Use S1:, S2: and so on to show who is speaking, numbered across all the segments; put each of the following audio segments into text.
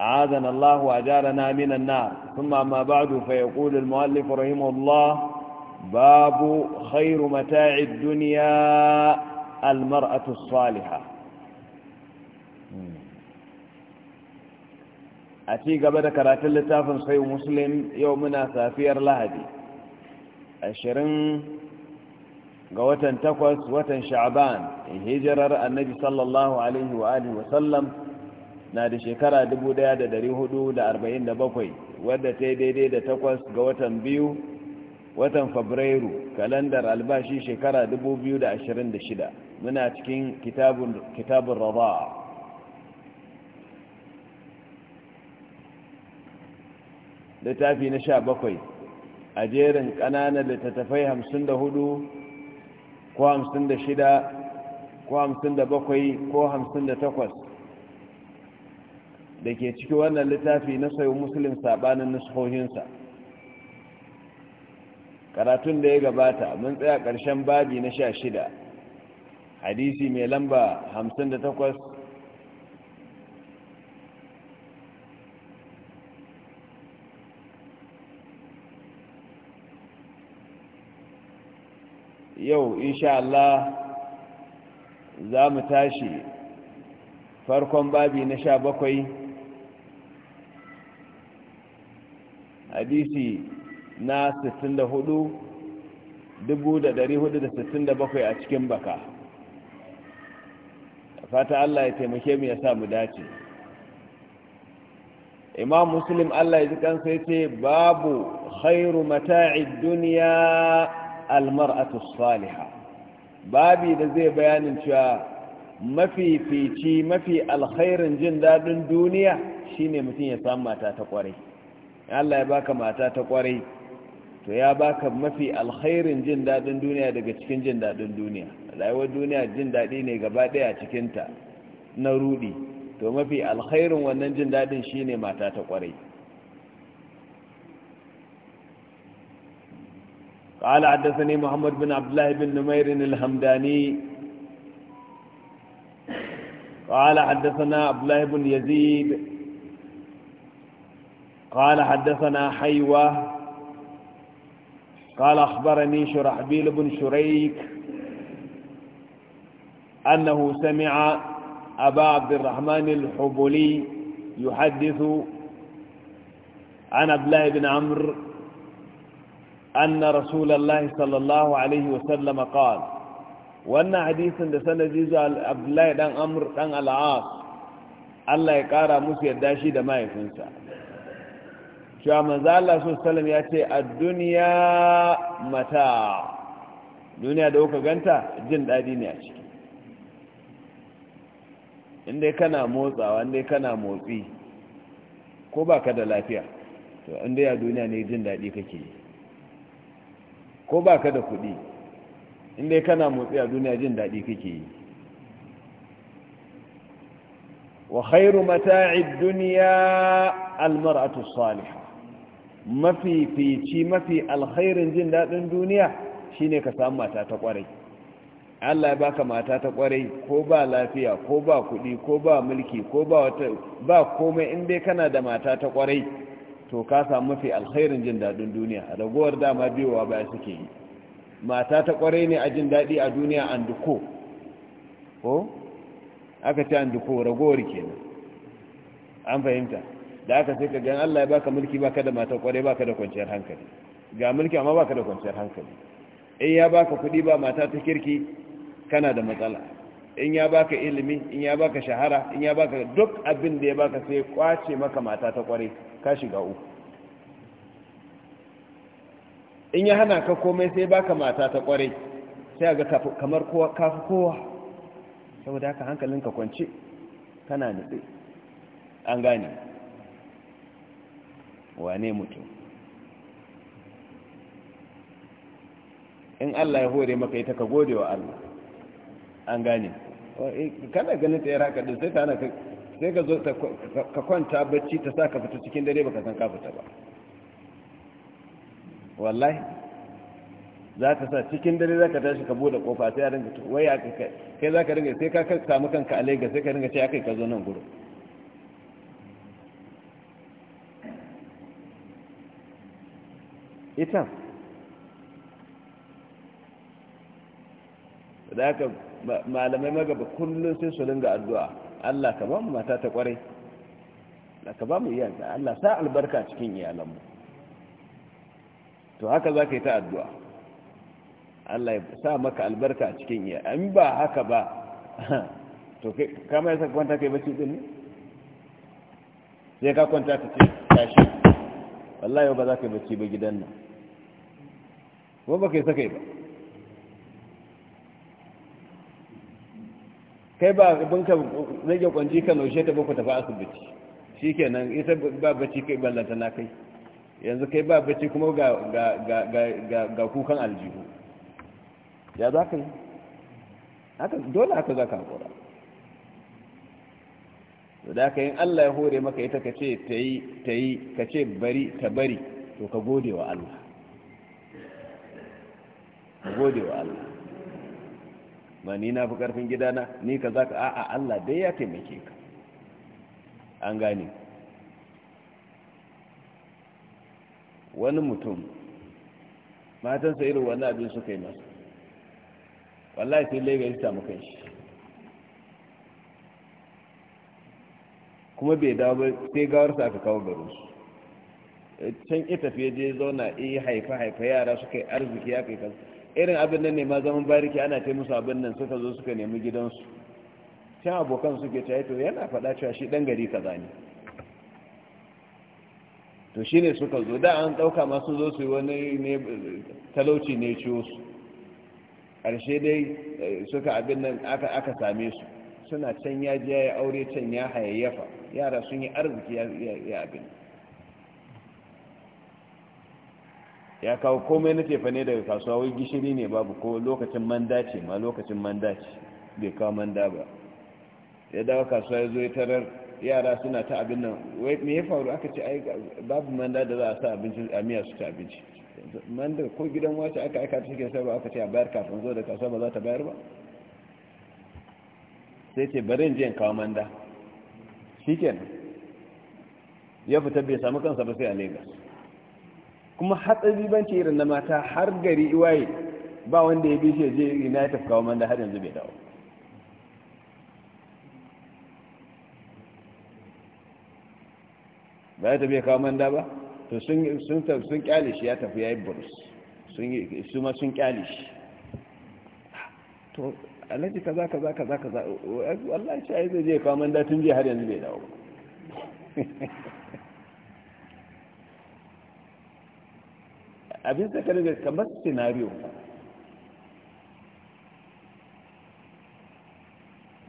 S1: أعاذنا الله وأجارنا من النار ثم ما بعد فيقول المؤلف رحمه الله باب خير متاع الدنيا المرأة الصالحة أتي قبل كرات اللتاف صحيح مسلم يومنا سافير لهدي أشرن قوة تقوس وتن شعبان هجرر النبي صلى الله عليه وآله وسلم na da shekara 1447 wadda ta yi daidai da takwas ga watan biyu watan fabrairu kalandar albashi shekara 2026 muna cikin kitabun raba littafi na sha bakwai a jerin ƙananan littattafai hamsin da hudu ko hamsin da shida ko hamsin da bakwai ko hamsin da takwas da ke ciki wannan littafi na sayo musulun sabanin nushohinsa karatun da ya gabata mun tsaya ƙarshen babi na sha shida hadisi mai lamba hamsin da takwas yau insha Allah za mu tashi farkon babi na sha bakwai hadisi na 64,467 a cikin baka fata Allah ya taimake mu ya sa mu dace imam muslim Allah ya ji kansa ya ce babu khairu mata'id duniya almar'atu salihah babi da zai bayanin cewa mafi fici, mafi alkhairin jin dadin duniya shine mutum ya samu mata ta kwarai Allah ya baka mata ta kwarai to ya baka mafi alkhairin jin dadin duniya daga cikin jin dadin duniya rayuwar duniya jin dadi ne gaba daya cikin ta na rudi to mafi alkhairin wannan jin dadin shine mata ta kwarai قال حدثني محمد بن عبد الله بن نمير الهمداني قال حدثنا عبد الله بن يزيد قال حدثنا حيوة قال أخبرني شرحبيل بن شريك أنه سمع أبا عبد الرحمن الحبولي يحدث عن عبد الله بن عمرو أن رسول الله صلى الله عليه وسلم قال وأن حديث لسنة جيزة عبد الله بن عمرو بن العاص الله يقارى مسيد داشي دمائي فنسان cewa manzo Allah sallallahu ya ce a duniya mata duniya da kuka ganta jin dadi ne a ciki inda kana motsawa inda kana motsi ko baka da lafiya to inda ya duniya ne jin dadi kake yi ko baka da kuɗi inda kana motsi a duniya jin dadi kake yi wa khairu mata'i dunya al-mar'atu as-salihah mafi fici mafi alkhairin jin daɗin duniya shine ka samu mata ta kwarai Allah ya baka mata ta kwarai ko ba lafiya ko ba kuɗi ko ba mulki ko ba wata ba komai in dai kana da mata ta kwarai to ka samu mafi alkhairin jin daɗin duniya ragowar dama biyowa ba suke yi mata ta kwarai ne a jin daɗi a duniya an duko ko aka ce an duko ragowar kenan an fahimta da aka sai ka gan Allah ya baka mulki baka da mata kware baka da kwanciyar hankali ga mulki amma baka da kwanciyar hankali in ya baka kuɗi ba mata ta kirki kana da matsala in ya baka ilimi in ya baka shahara in ya baka duk abin da ya baka sai kwace maka mata ta kware ka shiga uku in ya hana ka komai sai baka mata ta kware sai ga kamar kowa kafi kowa saboda haka hankalinka kwance kana nutse an gane wane mutum in Allah ya hore maka ita ka gode wa Allah an gane oh, eh, kana ganin ta yara kaɗin sai ta sai ka zo ka kwanta bacci ta sa ka fita cikin dare baka san ka fita ba wallahi za ka sa cikin dare za ka tashi ka bude kofa sai a ringa waya kai za ka ringa sai ka samu kanka a lagos sai ka ringa ce ya kai ka zo nan gudu ita da aka malamai magaba kullum sai su ringa addu'a Allah ka ba mu mata ta ƙwarai, Allah ka ba mu iyanka Allah sa albarka cikin iyalanmu to haka za ka yi ta addu'a Allah ya sa maka albarka cikin iyalan in ba haka ba to kama ya sa kwanta kai bacci din ne sai ka kwanta ta ce tashi wallahi ba za ka yi bacci ba gidan nan ba ba kai sakai ba kai ba abin ka rage kwanci ka naushe ta boko tafi asibiti shi kenan ita ba bacci kai ballanta na kai yanzu kai ba bacci kuma ga kukan aljihu ya za ka yi dole haka za ka to da ka yin allah ya hore maka ita ka ce ta yi ka ce bari ta bari to ka gode wa allah gode wa Allah ba ni na fi karfin gidana ni ka za ka a'a Allah dai ya taimake ka an gane wani mutum matansa irin wani abin suka yi masu. wallahi sai lagos ta mukan shi kuma bai dawo ba sai gawarsa aka kawo garinsu eh, can ita fiye je zauna iya eh, haifa haifa yara suka yi arziki ya kai kansu irin abin nan ne ma zaman bariki ana ta musu abin nan suka zo suka nemi gidansu can abokan suke ta eh, to yana faɗa cewa shi ɗan gari ka ne to shi ne suka zo da an ɗauka masu zo su yi wani talauci ne ciwo su ƙarshe dai eh, suka abin nan aka same su suna can ya ji ya aure can ya hayayyafa yara sun yi arziki ya abin nan ya kawo komai na tefa ne daga kasuwa wai gishiri ne babu ko lokacin manda ce ma lokacin manda ce bai kawo manda ba ya dawa kasuwa ya zo ya tarar yara suna ta abin nan wai me ya faru aka ce ai babu manda da za a sa abinci a miya su ta abinci manda ko gidan wace aka aika ta cikin sarwa aka ce a bayar kafin zo da kasuwa ba za ta bayar ba sai ce barin jiyan kawo manda shi ya fita bai samu kansa ba sai a lagos kuma hatsari ban ce irin na mata har gari iwaye ba wanda ya bishe je ina ya tafkawa manda har yanzu bai dawo ba ya tafi kawo manda ba to sun kyale shi ya tafi ya yi burus su ma sun kyale shi to za ka, za ka, za ka, za, wallahi shi zai je kawo manda tun je har yanzu bai dawo ba abin da ka riga kamar scenario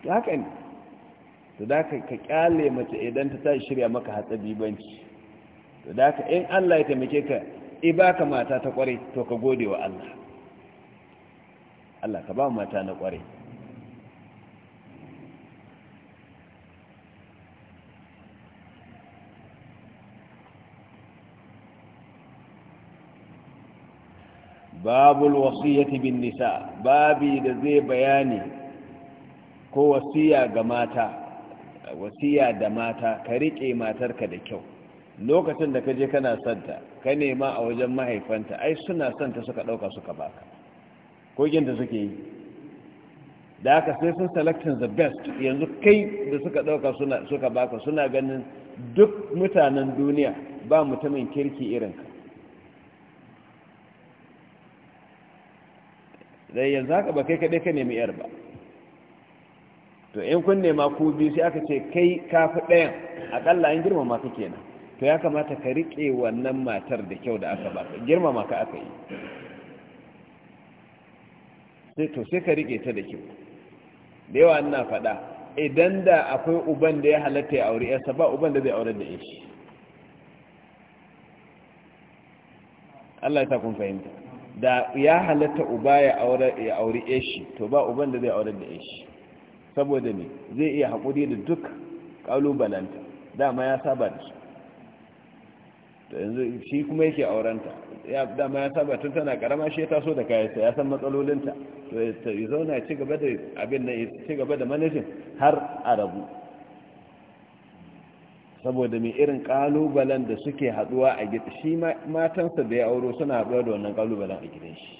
S1: haka ne to da ka ka kyale mace idan ta tashi shirya maka hatsa bibanci to da ka in Allah ya taimake ka i baka mata ta kware to ka gode wa Allah Allah ka ba mata na kware babul wasiyyati bin nisa babi da zai bayani ko wasiya ga mata wasiya da mata ka rike matarka da kyau lokacin da ka je kana santa ka nema a wajen mahaifanta ai suna santa suka dauka suka baka kogin da suke yi da aka sai sun selecting the best yanzu kai da suka dauka suka baka suna ganin duk mutanen duniya ba mutumin kirki irinka dai yanzu haka ba kai kaɗai ka nemi yar ba to in kun nema ku biyu sai aka ce kai kafi ɗayan aƙalla an girmama ka kenan to ya kamata ka riƙe wannan matar da kyau da aka ba baka girmama ka aka yi sai to sai ka riƙe ta da kyau da yawa ina faɗa idan da akwai uban da ya halatta ya aure yarsa ba uban da zai aure da shi Allah ya sa kun fahimta da ya halatta uba ya auri eshi to ba uban da zai aure da eshi saboda ne zai iya haƙuri da duk ƙalubalanta dama ya saba da su to yanzu shi kuma yake aurenta dama ya saba tun tana karama shi ya taso da kayansa ya san matsalolinta to ya zauna ci gaba da abin nan ci gaba da manajin har a rabu saboda mai irin kalubalen da suke haduwa a gida shi matansa da ya auro suna haduwa da wannan kalubalen a gidan shi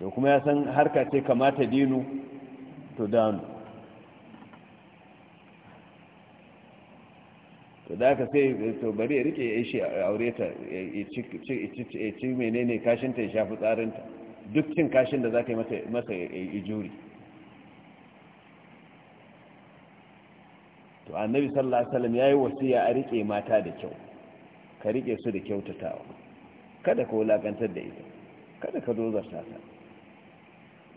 S1: da kuma ya san harka ce kamata dinu to danu to da aka sai to bari ya rike ya shi aureta, aure ta ya ci menene kashinta ya shafi tsarinta duk cin kashin da za ka yi masa ya juri to annabi sallallahu alaihi wasallam yayi wasiya a rike mata da kyau ka rike su da kyautatawa kada ka wulakantar da ita kada ka dozar ta ta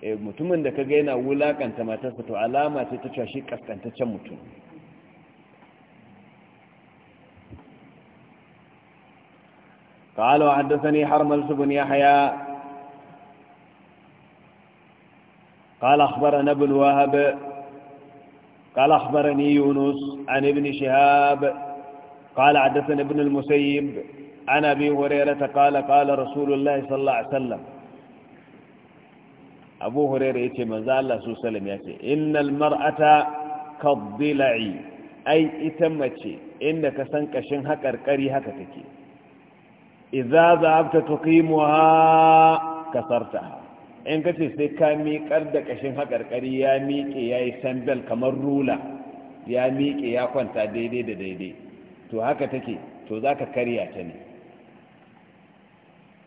S1: eh mutumin da kaga yana wulakanta matarsa to alama ce ta cewa shi kaskantaccen mutum قال وحدثني حرمل بن يحيى قال أخبرنا ابن وهب قال أخبرني يونس عن ابن شهاب قال حدثنا ابن المسيب عن أبي هريرة قال قال رسول الله صلى الله عليه وسلم أبو هريرة يتي من ذا الله سوى سلم يتي إن المرأة كالضلع أي إتمتي إنك سنكشن هكر كري هكتك إذا ذهبت تقيمها كسرتها in ka ce sai ka miƙar da ƙashin haƙarƙari ya miƙe ya yi sandal kamar rula ya miƙe ya kwanta daidai da daidai to haka take to za ka karya ta ne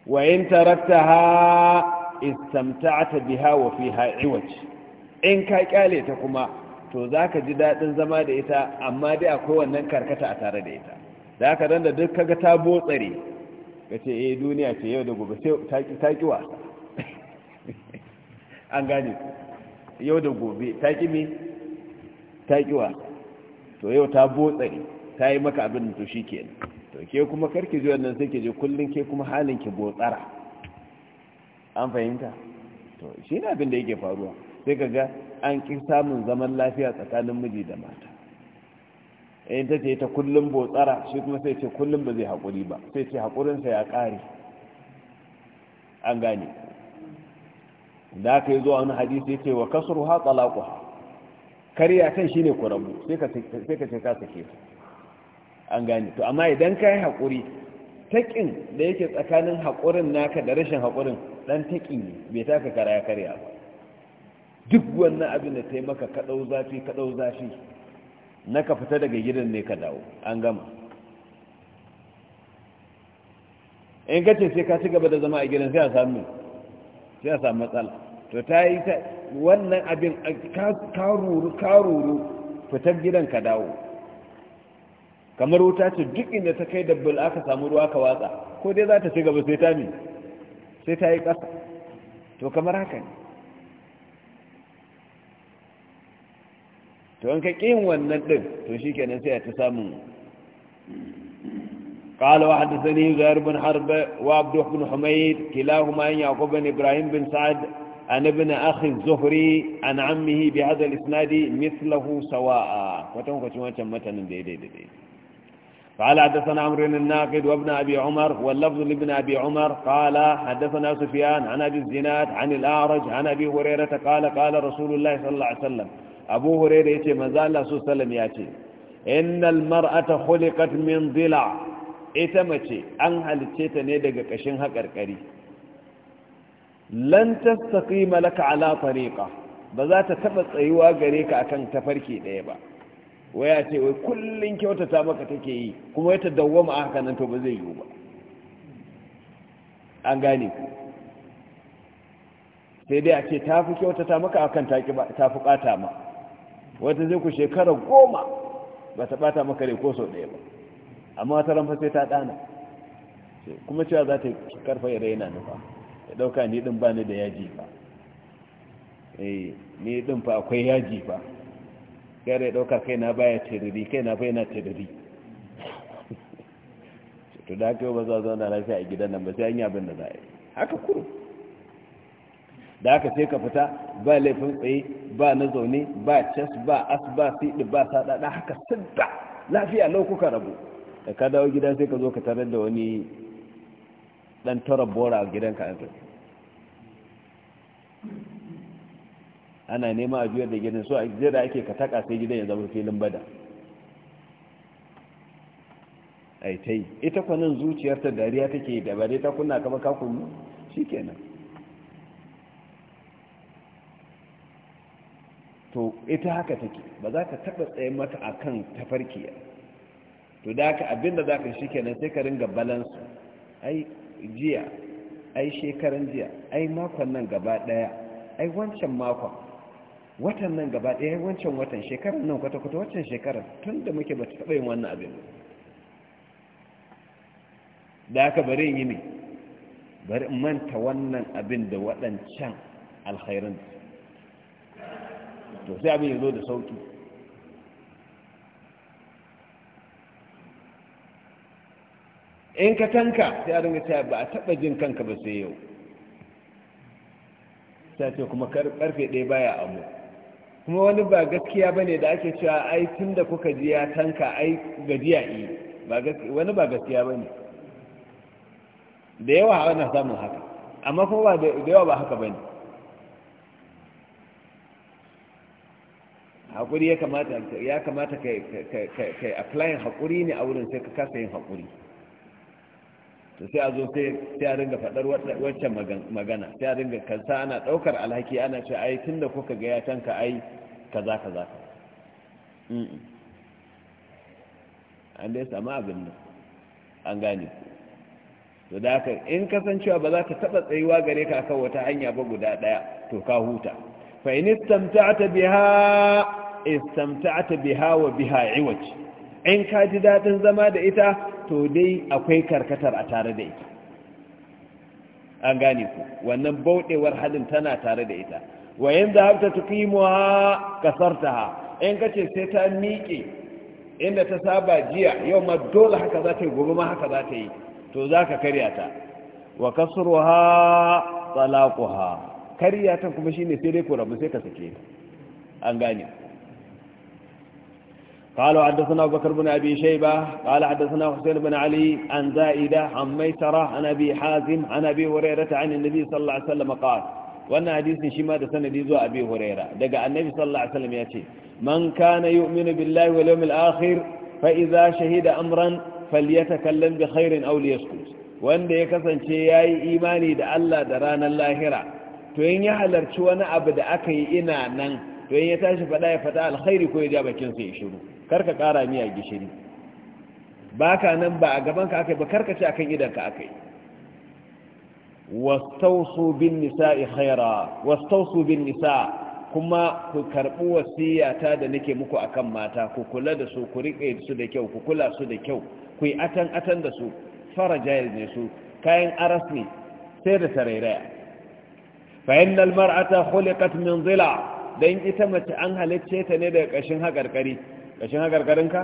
S1: wayin tarakta ha ta biha wa ha iwaj in ka ƙyale ta kuma to za ka ji daɗin zama da ita amma dai akwai wannan karkata a tare da ita da haka don da duk kaga ta botsare ka ce eh duniya ce yau da gobe sai ta ki wasa an gane yau da gobe ta ƙi me ta ƙiwa to yau ta botsari ta yi maka abin da to shi ke to ke kuma karki ji wannan sai ke je kullum ke kuma halin ki botsara an fahimta to shi ne abin da yake faruwa sai ka ga an ƙi samun zaman lafiya tsakanin miji da mata eh, in ta ce ta kullum botsara shi kuma sai ce kullum ba zai haƙuri ba sai ce haƙurinsa ya ƙare an gane da aka yi zuwa wani hadisi ya ce wa kasuru ha ha karya kan shine ku rabu sai ka ce ka sake su an gane to amma idan ka yi haƙuri taƙin da yake tsakanin haƙurin naka da rashin haƙurin ɗan taƙin ne bai ka kara ya karya ba duk wannan abin da ta yi maka kaɗau zafi kaɗau zafi na ka fita daga gidan ne ka dawo an gama in ce sai ka ci gaba da zama a gidan sai a samu sai a samu matsala to ta yi ta wannan abin karuru karuru fitar gidan ka dawo kamar wuta ce duk inda ta kai dabbal aka samu ruwa ka watsa ko dai za ta ci gaba sai ta mi sai ta yi ƙasa to kamar haka ne to an ka ƙin wannan ɗin to shi kenan sai a ta samun قال وحدثني زهير بن حرب وعبد بن حميد كلاهما يعقوب بن ابراهيم بن سعد عن ابن أخي الزهري عن عمه بهذا الإسناد مثله سواء وتنقى شوانشا متنا دي دي دي دي قال حدثنا عمرو الناقد وابن أبي عمر واللفظ لابن أبي عمر قال حدثنا سفيان عن أبي الزناد عن الأعرج عن أبي هريرة قال قال رسول الله صلى الله عليه وسلم أبو هريرة يتي مازال الله صلى الله عليه وسلم يأتي إن المرأة خلقت من ضلع إتمتي أنها لتيتني دقى كشنها كركري lan tastaqima laka ala tariqa ba za ta taba tsayuwa gare ka akan tafarki daya ba waya ce wai kullun kyautata maka take yi kuma ya dawwama a haka nan to ba zai yi ba an gane ku sai dai a ce ta fi kyautata maka akan ta fi bata ma wata zai ku shekara goma ba ta bata maka rai ko sau ɗaya ba amma wata ranfa sai ta ɗana kuma cewa za ta karfa ya raina nufa ya dauka ni din bani da yaji ba eh ni din fa akwai yaji ba gara ya dauka kaina baya tiriri kaina baya na tiriri to da kai ba za zauna lafiya a gidan nan ba sai an yi da za yi haka kuro da haka sai ka fita ba laifin tsaye ba na zaune ba chess, ba as ba siɗi ba saɗaɗa haka sidda lafiya lau kuka rabu da ka dawo gida sai ka zo ka tarar da wani dan tara bora a gidanka an tafi ana nema a juyar da gidan so a da ake ka taka sai gidan ya zama filin bada ai ta yi ita zuciyar zuciyarta dariya take da bare ta kunna kama kakun shi kenan to ita haka take ba za ka taɓa tsaye mata a kan tafarkiya to da haka abinda za ka shi kenan sai ka ringa balansu ai jiya ai shekaran jiya ai makon nan gaba daya ai wancan makon watan nan gaba daya ai wancan watan shekaran nan kwata-kwata wancan shekaran tun da muke ba ta taɓa yin wannan abin da aka bari yi ne bari manta wannan abin da waɗancan alkhairun to sai abin ya zo da sauki in ka tanka sai a dinga cewa ba a taɓa jin kanka ba sai yau ta ce kuma karfe ɗaya baya amu kuma wani ba gaskiya bane da ake cewa ai tun da kuka ji ya tanka ai gajiya yi wani ba gaskiya bane. da yawa a wannan samun haka amma kuma ba da yawa ba haka hakuri ya kamata ya kamata ka yi applying hakuri ne a wurin sai ka kasa yin hakuri. to sai a zo sai ya ringa faɗar waccan magana sai ya ringa kansa ana ɗaukar alhaki ana ce ai tun da kuka ga ya ka ai kaza kaza an dai samu abin nan an gane to da haka in kasancewa ba za ka taɓa tsayuwa gare ka akan wata hanya ba guda ɗaya to ka huta fa in istamta'ta biha istamta'ta biha wa biha iwaci in ka ji daɗin zama da ita to dai akwai karkatar a tare da ita an gane ku wannan bauɗewar halin tana tare da ita wayan da hafta tuqimuha ha in ka ce sai ta miƙe inda ta saba jiya yau ma dole haka za ta yi gobe ma haka za ta yi to za ka karya ta wa kasruha ha karya ta kuma ne sai dai ku rabu sai ka sake an gane ku قالوا حدثنا أبو بكر بن أبي شيبة قال حدثنا حسين بن علي عن زائدة عن ميسرة عن أبي حازم عن أبي هريرة عن النبي صلى الله عليه وسلم قال وأن حديث شما دسنة ديزو أبي هريرة دقى النبي صلى الله عليه وسلم يأتي من كان يؤمن بالله واليوم الآخر فإذا شهد أمرا فليتكلم بخير أو ليسكت وأن يكسن شيئي إيماني دعلا دران اللاهرة to in ya halarci wani abu da aka yi ina nan to in ya tashi fada ya faɗa alkhairi ko ya ja bakin sa ya shiru karka kara miya gishiri baka nan ba a gaban ka akai ba karka ci akan idan ka akai wastausu bin nisa'i khaira wastausu bin nisa kuma ku karbi wasiyata da nake muku akan mata ku kula da su ku rike su da kyau ku kula su da kyau ku yi atan atan da su farajail ne su kayan aras ne sai da tarairaya fa innal mar'ata khuliqat min dhila' don ita mace an halicce ta ne daga ƙashin haƙarƙari ƙashin haƙarƙarinka?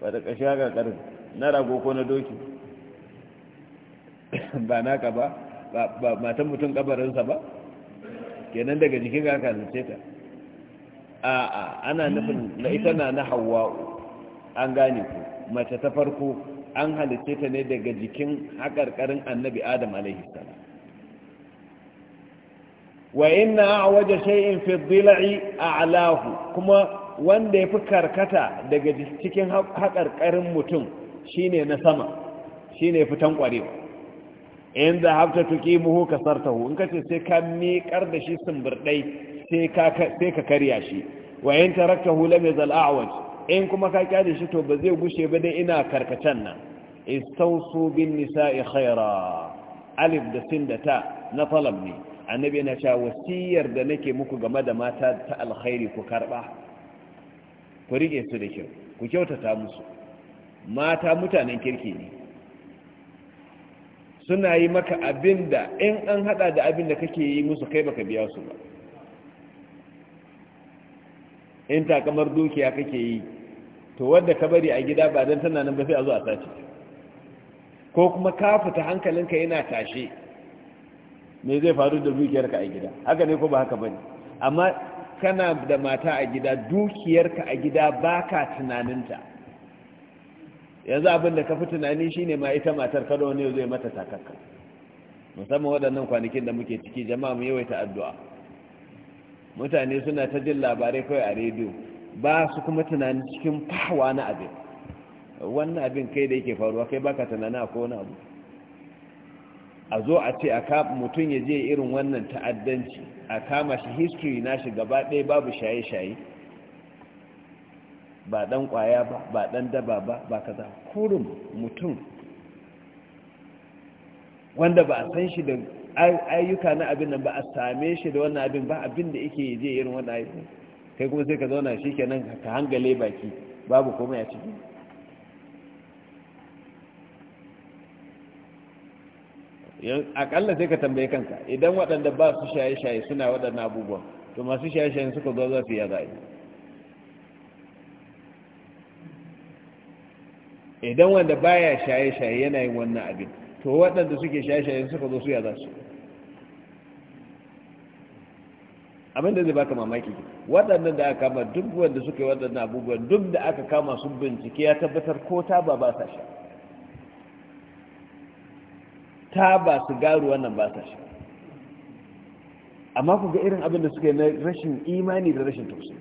S1: da ƙashin haƙarƙarin na rago ko na doki ba naka ba ba matan mutum ƙabarinsa ba kenan daga jikin ka halicce ta a'a ana nufin na ita na na hawa an gane ku mace ta farko an halicce ta ne daga jikin haƙarƙarin annabi adam alaihi salam wa inna a'waja shay'in fi dhila'i a'lahu kuma wanda yafi karkata daga cikin hakarkarin mutum shine na sama shine fitan kwarewa in da hafta tuqimuhu kasartahu in kace sai ka miƙar da shi sumbirdai sai ka sai ka karya shi wa in taraktahu lam yazal a'waj in kuma ka kyale shi to ba zai gushe ba dai ina karkatan nan istawsu bin nisa'i khaira alif da sin da ta na talabni. ne annabi yana cewa wasiyar da nake muku game da mata ta alkhairi ku karba ku rike su da kyau ku kyautata musu mata mutanen kirki ne suna yi maka abin da in an hada da abin da kake yi musu kai baka biya su ba in takamar dukiya kake yi to wadda ka bari a gida ba don tana nan ba sai a zo a sace ko kuma ka fita hankalinka yana tashe me zai faru da dukiyarka a gida haka ne ko ba haka bane amma kana da mata a gida dukiyarka a gida baka tunaninta yanzu abin da ka fi tunani shine ma ita matar kada wani zai mata takakka musamman waɗannan kwanakin da muke ciki jama'a mu yawaita addu'a mutane suna ta jin labarai kawai a rediyo ba su kuma tunanin cikin fahwa na abin wannan abin kai da yake faruwa kai baka tunanin a kowane abu a zo a ce mutum ya je irin wannan ta'addanci a kama shi history na shi gaba ɗaya babu shaye-shaye ba ɗan ƙwaya ba ba ɗan daba ba ba kaza kurin mutum wanda ba a san shi da ayyuka na abin nan ba a same shi da wannan abin ba abin da yake je irin wannan ayyuka kai kuma sai ka zauna shi kenan ka hangale baki babu komai a ciki akalla sai ka tambaye kanka idan waɗanda ba su shaye-shaye suna waɗannan abubuwan to masu shaye-shaye suka zo za su yi ne idan wanda baya shaye-shaye yana yin wannan abin to waɗanda suke shaye-shaye suka zo su ya su abin da zai baka mamaki waɗannan da aka kama duk wanda suka yi waɗannan abubuwan duk da aka kama su bincike ya tabbatar ko ta ba ba sa shaye Ta su garu wannan ba ta shi amma ku ga irin abin da suke na rashin imani da rashin tausayi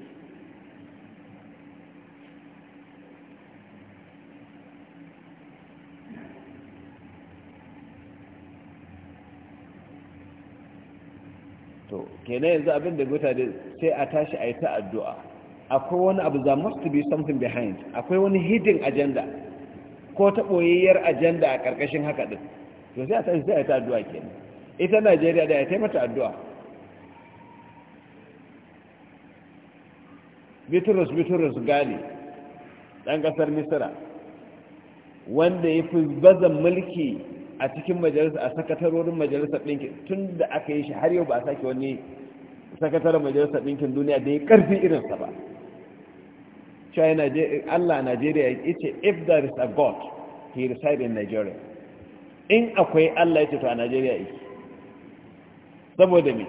S1: to kenan yanzu abin da mutane sai a tashi a yi ta addu'a akwai wani abu za must be something behind akwai wani hidden agenda ko ta ɓoyayyar agenda a ƙarƙashin haka ɗin to sai a tashi sai a ta addu'a ke ita Najeriya da ya taimata addu'a Bitrus Bitrus Gali ɗan ƙasar misira wanda ya fi bazan mulki a cikin majalisa a sakatarorin majalisa ɗinkin tun da aka yi shi har yau ba a sake wani sakatarar majalisa ɗinkin duniya da ya ƙarfi irinsa ba cewa allah a nigeria ya ce if there is a god he reside in nigeria in akwai Allah ya ce to a Najeriya yake saboda me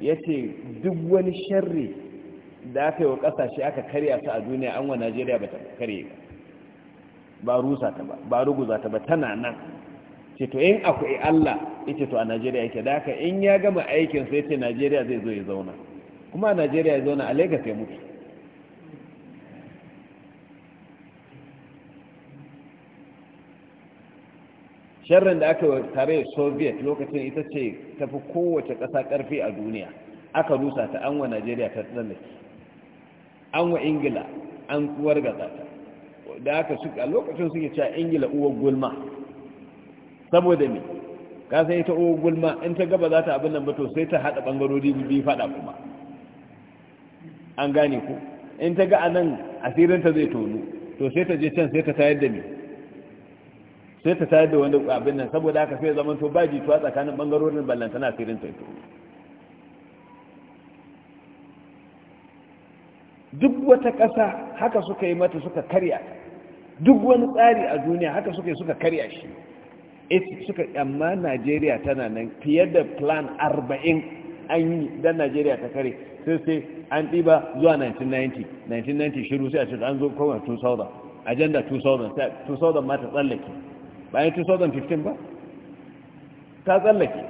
S1: ya ce duk wani sharri da aka yi wa ƙasashe aka karya su a duniya an wa Najeriya ba ta karye ba ba rusa ta ba ba ruguza ta ba tana nan ce to in akwai Allah ya to a Najeriya yake da haka in ya gama aikin sai ce Najeriya zai zo ya zauna kuma a Najeriya ya zauna a Lagos ya mutu sharrin da aka tare soviet lokacin ita ce tafi kowace ƙasa ƙarfi a duniya aka rusa ta an wa najeriya ta tsanani an wa ingila an kuwar gasa ta da aka suka lokacin suke cewa ingila uwar gulma saboda me kasan ita uwar gulma in ta gaba za ta abin nan ba to sai ta haɗa ɓangarori biyu faɗa kuma an gane ku in ta ga a nan asirinta zai tonu to sai ta je can sai ta tayar da mai. sai ta tayar da wani abin nan saboda haka sai zaman to ba jituwa tsakanin bangarorin ballantana sirrin taito duk wata ƙasa haka suka yi mata suka karya duk wani tsari a duniya haka suka yi suka karya shi suka amma najeriya tana nan fiye da plan 40 an yi don najeriya ta kare sai sai an ɗiba zuwa 1990 1990 shiru sai a cikin an zo kowane 2000 agenda 2000 2000 ma ta tsallake bayan 2015 ba ta tsallake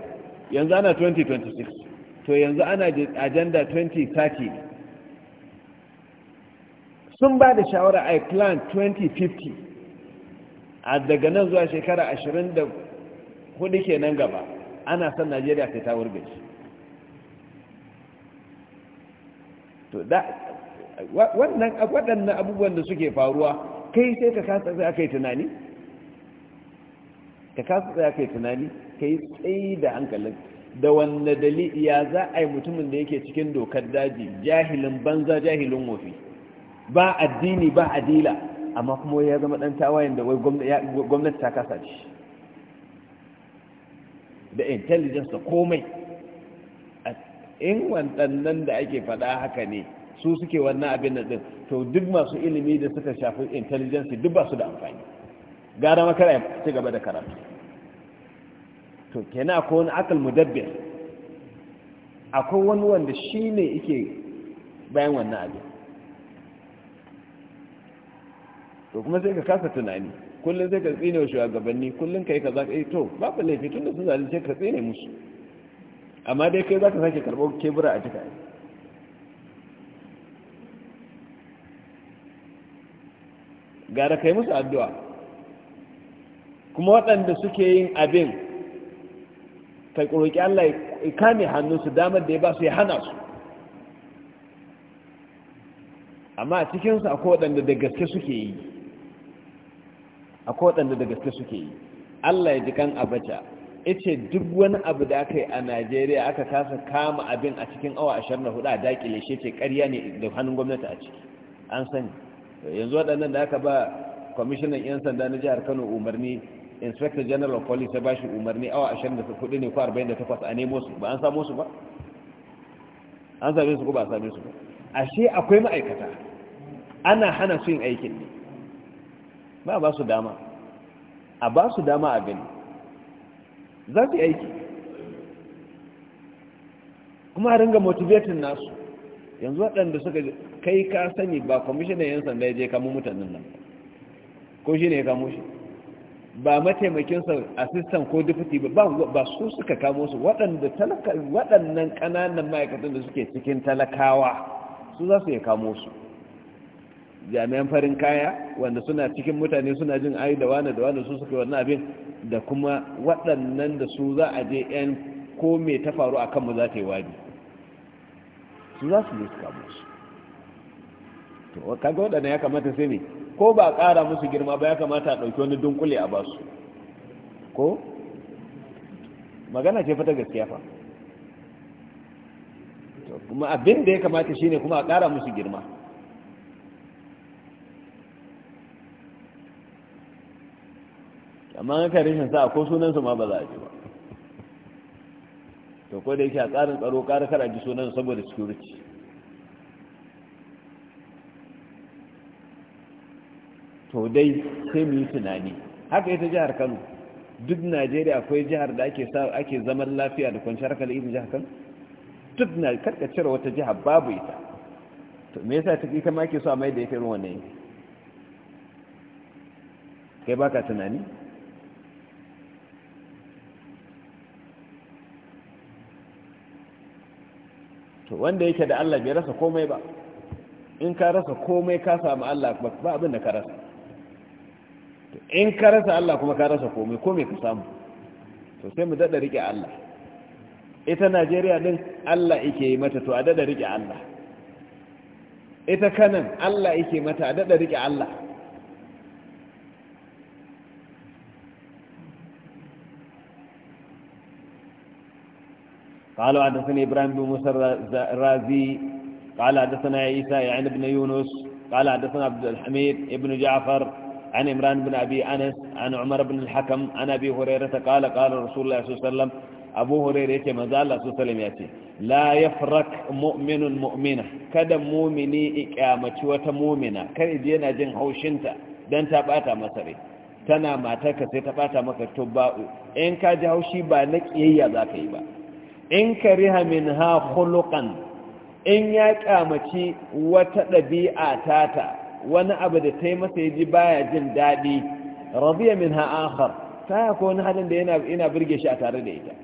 S1: yanzu ana 2026 to yanzu ana agenda 2030 sun ba da shawara a plan 2050 a daga nan zuwa shekara 24 kenan gaba ana son najeriya sai ta wurbe shi to da waɗannan abubuwan da suke faruwa kai sai ka kasa sai aka yi tunani ka kasu tsaya kai tunani ka yi tsayi da hankalin da wanne dalili ya za a yi mutumin da yake cikin dokar daji jahilin banza jahilin wofi ba addini ba adila amma kuma ya zama dan tawayen da gwamnati ta kasa shi da intelligence da komai in waɗannan da ake faɗa haka ne su suke wannan abin da to duk masu ilimi da suka shafi intelligence duk ba su da amfani gara makara ya ci gaba da karatu to kenan akwai wani akal mudabbir akwai wani wanda shi ne yake bayan wannan abin to kuma sai ka kasa tunani kullum sai ka tsine wa shugabanni kullum ka yi ka zaka to babu laifi tun da sun zalunce ka tsine musu amma dai kai za ka sake karɓar kebura a jika gara kai musu addu'a kuma waɗanda suke yin abin ka roƙi Allah ya kame su damar da ya ba su ya hana su amma a cikinsu akwai waɗanda da gaske suke yi akwai waɗanda da gaske suke yi Allah ya ji kan abaca ce duk wani abu da aka yi a Najeriya aka kasa kama abin a cikin awa 24 a dakile shi ce ƙarya ne da hannun gwamnati a ciki an sani yanzu waɗannan da aka ba kwamishinan 'yan sanda na jihar Kano umarni inspector general of police ba shi umarni awa 24 ne ko 48 a nemo su ba an samu su ba an same su ko ba same su ba ashe akwai ma'aikata ana hana su yin aikin ne ba ba su dama a ba su dama a gani za su yi aiki kuma ringa motivatin nasu yanzu waɗanda suka kai ka sani ba kwamishinan yan sanda ya je kamo mutanen nan ko shi ne ya kamo shi ba mataimakinsa asistan ko dufiti ba ba su suka kamo su waɗannan ƙananan ma'aikatan da suke cikin talakawa su za su ya kamo su jami'an farin kaya wanda suna cikin mutane suna jin ayi da wane da wane su suka wannan abin da kuma waɗannan da su za a je 'yan ko mai ta faru a kanmu za ta yi wadi su za su yi su kamo su to kaga waɗannan ya kamata sai ne ko ba ƙara musu girma ba ya kamata a ɗauki wani dunkule a basu ko magana ce fata gaskiya fa kuma abin da ya kamata shine kuma a ƙara musu girma amma an kare shi sa ko sunansu ma ba za a ji ba to ko da yake a tsarin tsaro ƙara kara ji sunansu saboda security to dai sai mu yi tunani haka ita jihar kano duk najeriya akwai jihar da ake sa ake zaman lafiya da kwanciyar hankali irin jihar kano duk na karka cire wata jiha babu ita to me yasa take ita ma ake so a mai da ita irin wannan yanki kai baka tunani to wanda yake da Allah bai rasa komai ba in ka rasa komai ka samu Allah ba abin da ka rasa in ka rasa Allah kuma ka rasa komai komai ka samu to sai mu dada rike Allah ita Najeriya din Allah yake yi mata to a dada rike Allah ita kanan Allah yake mata a dada rike Allah قالوا حدثنا إبراهيم بن موسى الرازي قال حدثنا عيسى يعني بن يونس قال حدثنا عبد الحميد ابن جعفر عن عمران بن أبي أنس عن عمر بن الحكم عن أبي هريرة قال قال رسول الله صلى الله عليه وسلم أبو هريرة ما زال الله صلى الله عليه وسلم يأتي لا يفرق مؤمن مؤمنة كذا مؤمني إكامة وتمؤمنة كذا دينا جن حوشنتا دان تبعت مصري تنا ما تكسي تبعت مصري تباء إن in ka ji إيا ba na إن كره منها خلقا إن يكامة ka riha wani abu da ta yi masa ya ji baya jin daɗi radiya min ha'akhar ta yi ko wani halin da yana birge shi a tare da ita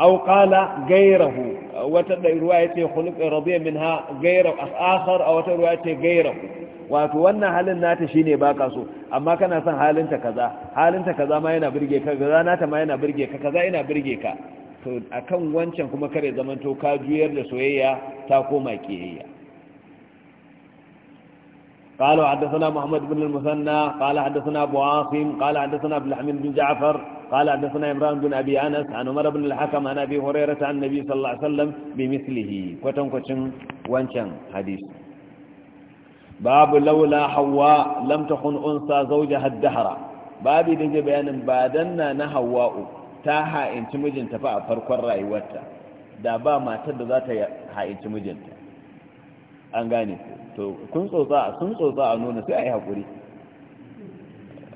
S1: Auƙala, qala gairahu wata da ruwa ya ce khuluqa radiya min ha gairahu akhar a wata ruwa ya ce gairahu wato wannan halin nata shine baka so amma kana son halinta kaza halinta kaza ma yana birge ka kaza nata ma yana birge ka kaza yana birge ka to akan wancan kuma kare zamanto ka juyar da soyayya ta koma kiyayya قال وحدثنا محمد بن المثنى قال حدثنا أبو عاصم قال حدثنا عبد الحميد بن جعفر قال حدثنا عمران بن أبي أنس عن عمر بن الحكم عن أبي هريرة عن النبي صلى الله عليه وسلم بمثله كوتن كوتن وانشان حديث باب لولا حواء لم تكن أنثى زوجها الدهر باب دجي بيان بادنا نحواء تاها انت مجنتا فأفرق الرأي واتا دابا ما تد ذات ها انت مجنتا أنغاني فيه to kun tsotsa sun tsotsa a nuna sai a yi haƙuri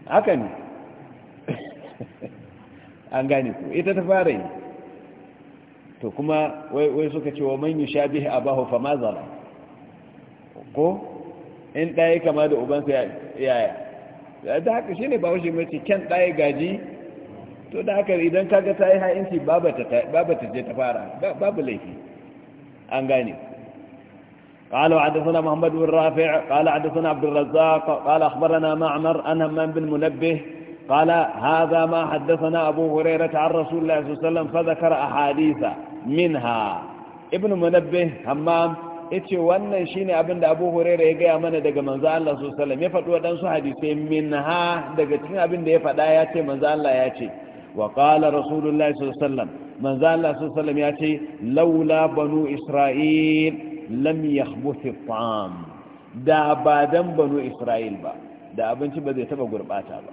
S1: haka ne an gane ku ita ta fara yi to kuma wai suka ce wa man sha shabihi a bahu fama zara ko in ɗaya kama da ubansa yaya da haka shi ne ba mace kyan ɗaya gaji to da haka idan kaga ta yi ha'inci babata je ta fara babu laifi an gane ku قال وحدثنا محمد بن رافع قال حدثنا عبد الرزاق قال أخبرنا معمر أن همام بن منبه قال هذا ما حدثنا أبو هريرة عن رسول الله صلى الله عليه وسلم فذكر أحاديث منها ابن منبه همام yace wannan shine abin da Abu Hurairah ya gaya mana daga manzo Allah sallallahu ya faɗi wadansu hadisai minha daga cikin abin da ya faɗa ya ce manzo Allah ya ce wa qala rasulullahi sallallahu alaihi wasallam manzo Allah sallallahu alaihi wasallam ya ce laula banu isra'il lam yahbuth da ba dan banu isra'il ba da abinci ba zai taba gurbata ba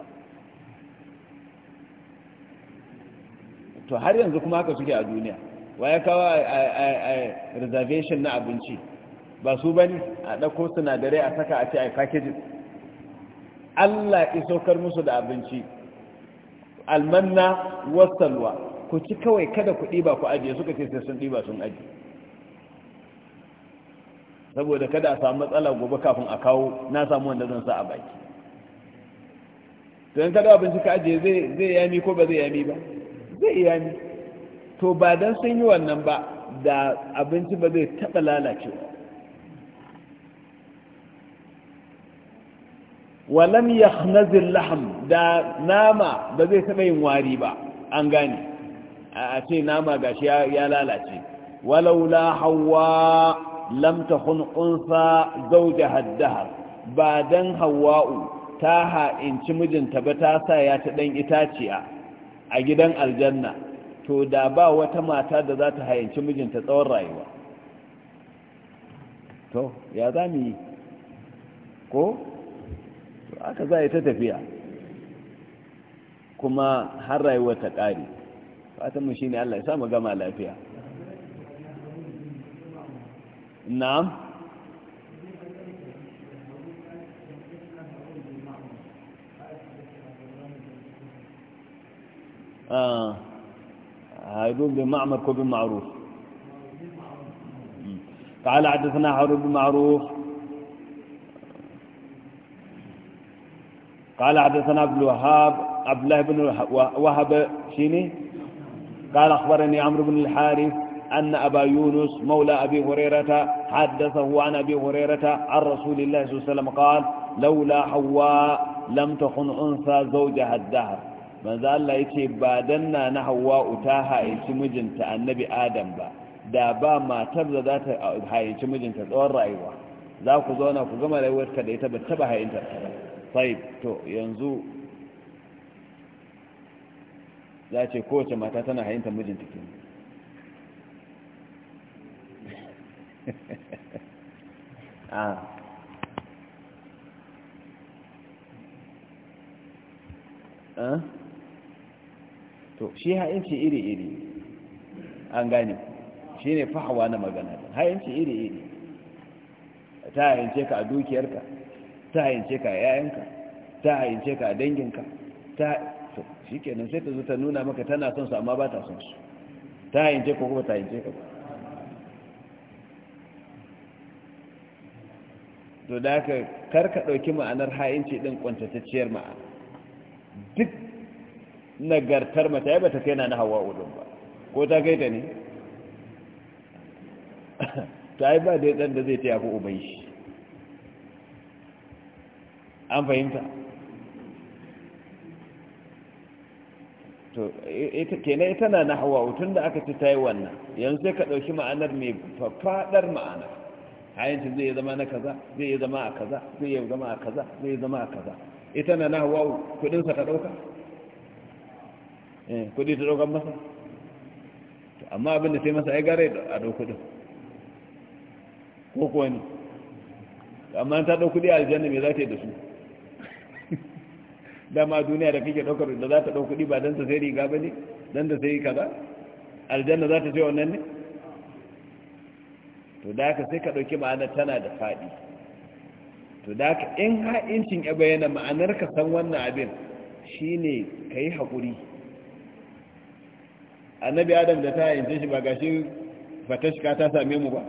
S1: to har yanzu kuma haka suke a duniya wa ya kawo a reservation na abinci ba su ba a ɗauko sinadarai a saka a ce a package allah ya saukar musu da abinci almanna wasalwa ku ci kawai kada ku ɗiba ku ajiye suka ce sai sun ɗiba sun ajiye saboda kada a samu matsala gobe kafin a kawo na samu wanda zan sa a baki don kada abinci ka ajiye zai yami ko ba zai yami ba zai yami to ba dan sun yi wannan ba da abinci ba zai taɓa lalacewa walam ya laham da nama ba zai taɓa yin wari ba an gane a ce nama gashi ya lalace walaula hawa lam takun unsa zawjaha dahar ba dan hawa'u ta ha'inci mijinta ba ta sa ya ta dan itaciya a gidan aljanna to da ba wata mata da za ta ha'inci mijinta tsawon rayuwa to ya za mu yi ko aka za ta tafiya kuma har rayuwa ta ƙari fatanmu shi ne allah ya sa mu gama lafiya نعم آه هيقول بمعمر كوب معروف قال حدثنا هارون بن معروف قال حدثنا عبد الوهاب عبد الله بن وهب شيني قال أخبرني عمرو بن الحارث أن أبا يونس مولى أبي هريرة حدثه عن أبي هريرة عن رسول الله صلى الله عليه وسلم قال لولا حواء لم تخن أنثى زوجها الدهر ماذا الله يتي بادنا نحواء تاها يتمجن النبي آدم با دابا ما تبذى ذات هاي يتمجن تدور رأيوه za ku zauna ku gama rayuwarka da ita ba taba hayinta sai to yanzu za ce kowace mata tana hayinta mijinta kenan Ah. Ah? to shi ha'inci iri-iri an gane shi ne fahawa na magana ha'inci iri-iri ta ha'ince ka a dukiyarka ta ha'ince ka a yayanka ta ha'ince ka a danginka ta to shi kenan sai ta zo ta nuna maka tana son su amma ba ta son su ta ha'ince ko kuma ta ha'ince ka ba to da haka karka ɗauki ma'anar ha'inci ɗin kwantatacciyar ma'ana duk nagartar mata ya bata kai na na hawa udun ba ko ta kai ta ne ta yi ba dai ɗan da zai ta yafi uban shi an fahimta to ita kenan ita na na hawa utun da aka ci ta yi wannan yanzu sai ka ɗauki ma'anar mai faɗar ma'anar. hayancin zai zama na kaza zai zama a kaza zai zama a kaza zai zama a kaza ita na nahawa kudinsa ta dauka eh, kudi ta daukan masa amma abinda sai masa ya gare a dau kudin ko kuwa ne amma ta dau kudi a aljanna me za ta yi da su dama duniya da kake daukar da za ta dau kudi ba don ta sai riga ba ne don ta sai kaza aljanna za ta ce wannan ne to da ka sai ka ɗauki ma'anar tana da faɗi to da ka in ha'incin ya bayyana ma'anar ka san wannan abin shi ne ka yi haƙuri annabi adam da ta ha'ince shi ba ga shi ba ta shika ta same mu ba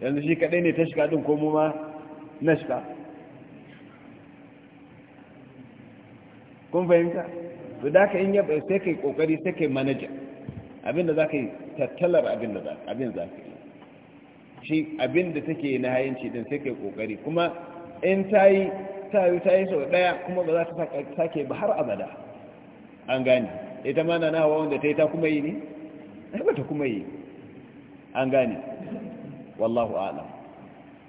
S1: yanzu shi kaɗai ne ta shika ɗin ko mu ma na shika kun fahimta to da ka in ya sai ka yi ƙoƙari sai ka yi manaja da za ka yi tattalar abin da za ka yi shi abin da take na hayanci din sai kai kokari kuma in ta yi ta yi ta yi sau daya kuma ba za ta sake ba har abada an gane ita ma na nawa wanda ta yi ta kuma yi ne ba ta kuma yi an gane wallahu alam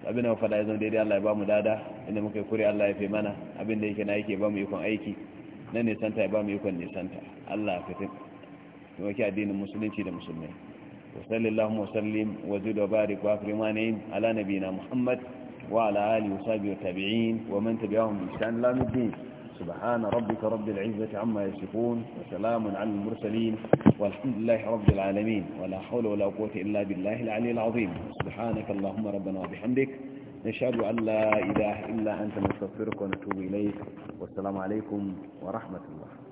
S1: abin da mu faɗa yanzu daidai Allah ya ba mu dada inda muka yi kuri Allah ya fi mana abin da yake na yake ba mu ikon aiki na nisanta ya ba mu ikon nisanta Allah ya fitin da wake addinin musulunci da musulmai وصلى اللهم وسلم وزد وبارك وأكرم وأنعم على نبينا محمد وعلى آله وصحبه والتابعين ومن تبعهم بإحسان إلى الدين سبحان ربك رب العزة عما يصفون وسلام على المرسلين والحمد لله رب العالمين ولا حول ولا قوة إلا بالله العلي العظيم سبحانك اللهم ربنا وبحمدك نشهد أن لا إله إلا أنت نستغفرك ونتوب إليك والسلام عليكم ورحمة الله